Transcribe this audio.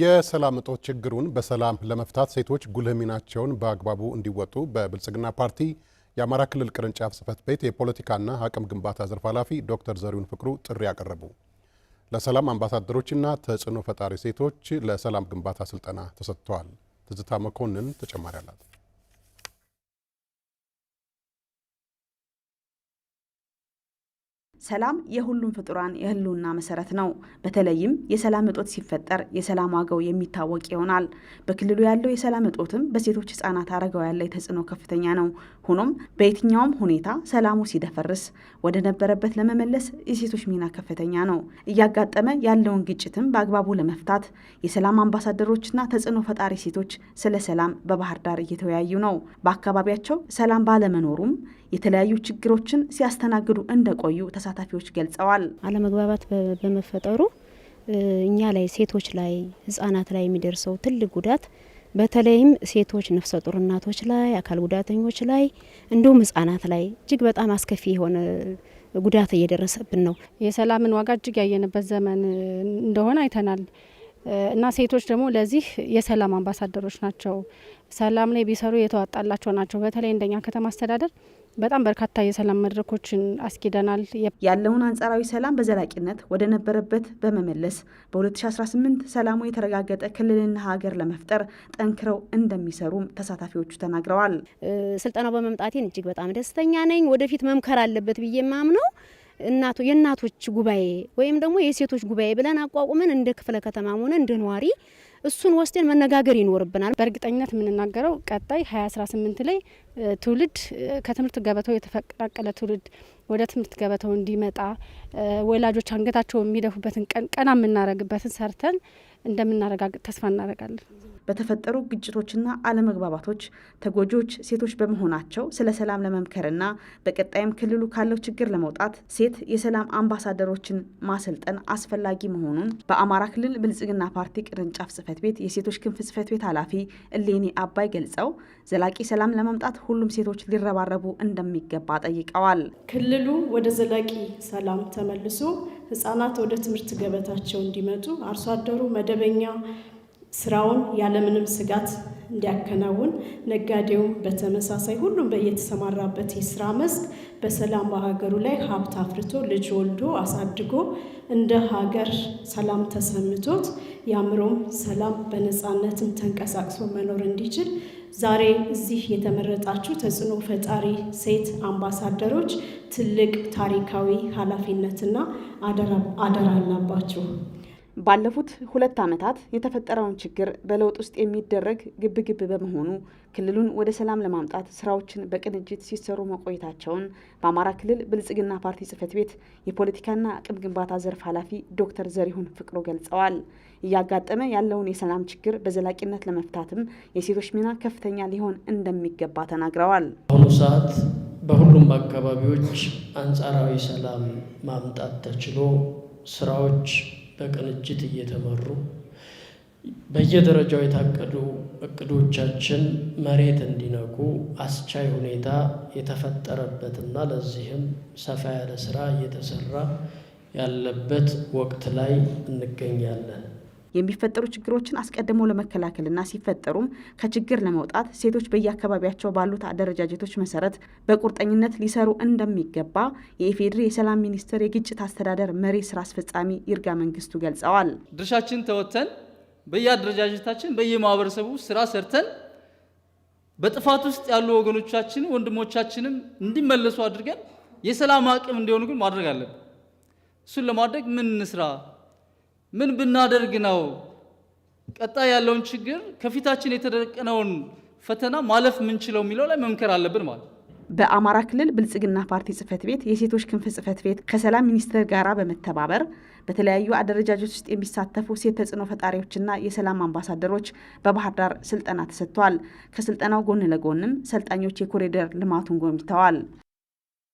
የሰላም እጦት ችግሩን በሰላም ለመፍታት ሴቶች ጉልህ ሚናቸውን በአግባቡ እንዲወጡ በብልጽግና ፓርቲ የአማራ ክልል ቅርንጫፍ ጽህፈት ቤት የፖለቲካና አቅም ግንባታ ዘርፍ ኃላፊ ዶክተር ዘሪሁን ፍቅሩ ጥሪ አቀረቡ። ለሰላም አምባሳደሮችና ተጽዕኖ ፈጣሪ ሴቶች ለሰላም ግንባታ ስልጠና ተሰጥተዋል። ትዝታ መኮንን ተጨማሪ አላት። ሰላም የሁሉም ፍጡራን የህልውና መሰረት ነው። በተለይም የሰላም እጦት ሲፈጠር የሰላም ዋጋው የሚታወቅ ይሆናል። በክልሉ ያለው የሰላም እጦትም በሴቶች ህጻናት፣ አረጋውያን ላይ ተጽዕኖ ከፍተኛ ነው። ሆኖም በየትኛውም ሁኔታ ሰላሙ ሲደፈርስ ወደ ነበረበት ለመመለስ የሴቶች ሚና ከፍተኛ ነው። እያጋጠመ ያለውን ግጭትም በአግባቡ ለመፍታት የሰላም አምባሳደሮችና ተጽዕኖ ፈጣሪ ሴቶች ስለ ሰላም በባህር ዳር እየተወያዩ ነው። በአካባቢያቸው ሰላም ባለመኖሩም የተለያዩ ችግሮችን ሲያስተናግዱ እንደቆዩ ተሳ ተሳታፊዎች ገልጸዋል። አለመግባባት በመፈጠሩ እኛ ላይ ሴቶች ላይ ህጻናት ላይ የሚደርሰው ትልቅ ጉዳት በተለይም ሴቶች ነፍሰ ጡር እናቶች ላይ አካል ጉዳተኞች ላይ እንዲሁም ህጻናት ላይ እጅግ በጣም አስከፊ የሆነ ጉዳት እየደረሰብን ነው። የሰላምን ዋጋ እጅግ ያየንበት ዘመን እንደሆነ አይተናል እና ሴቶች ደግሞ ለዚህ የሰላም አምባሳደሮች ናቸው። ሰላም ላይ ቢሰሩ የተዋጣላቸው ናቸው። በተለይ እንደኛ ከተማ አስተዳደር በጣም በርካታ የሰላም መድረኮችን አስኪደናል። ያለውን አንጻራዊ ሰላም በዘላቂነት ወደ ነበረበት በመመለስ በ2018 ሰላሙ የተረጋገጠ ክልልና ሀገር ለመፍጠር ጠንክረው እንደሚሰሩም ተሳታፊዎቹ ተናግረዋል። ስልጠናው በመምጣቴን እጅግ በጣም ደስተኛ ነኝ። ወደፊት መምከር አለበት ብዬ ማምነው እናቶ የእናቶች ጉባኤ ወይም ደግሞ የሴቶች ጉባኤ ብለን አቋቁመን እንደ ክፍለ ከተማ ሆነ እንደ ነዋሪ እሱን ወስደን መነጋገር ይኖርብናል። በእርግጠኝነት የምንናገረው ቀጣይ 2018 ላይ ትውልድ ከትምህርት ገበታው የተፈቀላቀለ ትውልድ ወደ ትምህርት ገበታው እንዲመጣ ወላጆች አንገታቸው የሚደፉበትን ቀን ቀና የምናደርግበትን ሰርተን እንደምናረጋግጥ ተስፋ እናደርጋለን። በተፈጠሩ ግጭቶችና አለመግባባቶች ተጎጂዎች ሴቶች በመሆናቸው ስለ ሰላም ለመምከርና በቀጣይም ክልሉ ካለው ችግር ለመውጣት ሴት የሰላም አምባሳደሮችን ማሰልጠን አስፈላጊ መሆኑን በአማራ ክልል ብልጽግና ፓርቲ ቅርንጫፍ ጽህፈት ቤት የሴቶች ክንፍ ጽህፈት ቤት ኃላፊ እሌኒ አባይ ገልጸው ዘላቂ ሰላም ለማምጣት ሁሉም ሴቶች ሊረባረቡ እንደሚገባ ጠይቀዋል። ክልሉ ወደ ዘላቂ ሰላም ተመልሶ ህጻናት ወደ ትምህርት ገበታቸው እንዲመጡ አርሶ አደሩ መደበኛ ስራውን ያለምንም ስጋት እንዲያከናውን ነጋዴውም በተመሳሳይ ሁሉም በየተሰማራበት የስራ መስክ በሰላም በሀገሩ ላይ ሀብት አፍርቶ ልጅ ወልዶ አሳድጎ እንደ ሀገር ሰላም ተሰምቶት የአእምሮም ሰላም በነፃነትም ተንቀሳቅሶ መኖር እንዲችል ዛሬ እዚህ የተመረጣችሁ ተጽዕኖ ፈጣሪ ሴት አምባሳደሮች ትልቅ ታሪካዊ ኃላፊነትና አደራ አለባችሁ። ባለፉት ሁለት ዓመታት የተፈጠረውን ችግር በለውጥ ውስጥ የሚደረግ ግብግብ በመሆኑ ክልሉን ወደ ሰላም ለማምጣት ስራዎችን በቅንጅት ሲሰሩ መቆየታቸውን በአማራ ክልል ብልጽግና ፓርቲ ጽህፈት ቤት የፖለቲካና አቅም ግንባታ ዘርፍ ኃላፊ ዶክተር ዘሪሁን ፍቅሩ ገልጸዋል። እያጋጠመ ያለውን የሰላም ችግር በዘላቂነት ለመፍታትም የሴቶች ሚና ከፍተኛ ሊሆን እንደሚገባ ተናግረዋል። በአሁኑ ሰዓት በሁሉም አካባቢዎች አንጻራዊ ሰላም ማምጣት ተችሎ ስራዎች በቅንጅት እየተመሩ በየደረጃው የታቀዱ እቅዶቻችን መሬት እንዲነኩ አስቻይ ሁኔታ የተፈጠረበትና ለዚህም ሰፋ ያለ ስራ እየተሰራ ያለበት ወቅት ላይ እንገኛለን። የሚፈጠሩ ችግሮችን አስቀድሞ ለመከላከልና ሲፈጠሩም ከችግር ለመውጣት ሴቶች በየአካባቢያቸው ባሉት አደረጃጀቶች መሰረት በቁርጠኝነት ሊሰሩ እንደሚገባ የኢፌዴሪ የሰላም ሚኒስቴር የግጭት አስተዳደር መሪ ስራ አስፈጻሚ ይርጋ መንግስቱ ገልጸዋል። ድርሻችን ተወጥተን በየአደረጃጀታችን በየማህበረሰቡ ስራ ሰርተን በጥፋት ውስጥ ያሉ ወገኖቻችን ወንድሞቻችንም እንዲመለሱ አድርገን የሰላም አቅም እንዲሆኑ ግን ማድረግ አለብን። እሱን ለማድረግ ምን እንስራ? ምን ብናደርግ ነው ቀጣይ ያለውን ችግር ከፊታችን የተደቀነውን ፈተና ማለፍ የምንችለው የሚለው ላይ መምከር አለብን ማለት ነው። በአማራ ክልል ብልጽግና ፓርቲ ጽህፈት ቤት የሴቶች ክንፍ ጽህፈት ቤት ከሰላም ሚኒስቴር ጋር በመተባበር በተለያዩ አደረጃጀቶች ውስጥ የሚሳተፉ ሴት ተጽዕኖ ፈጣሪዎችና የሰላም አምባሳደሮች በባህር ዳር ስልጠና ተሰጥቷል። ከስልጠናው ጎን ለጎንም ሰልጣኞች የኮሪደር ልማቱን ጎብኝተዋል።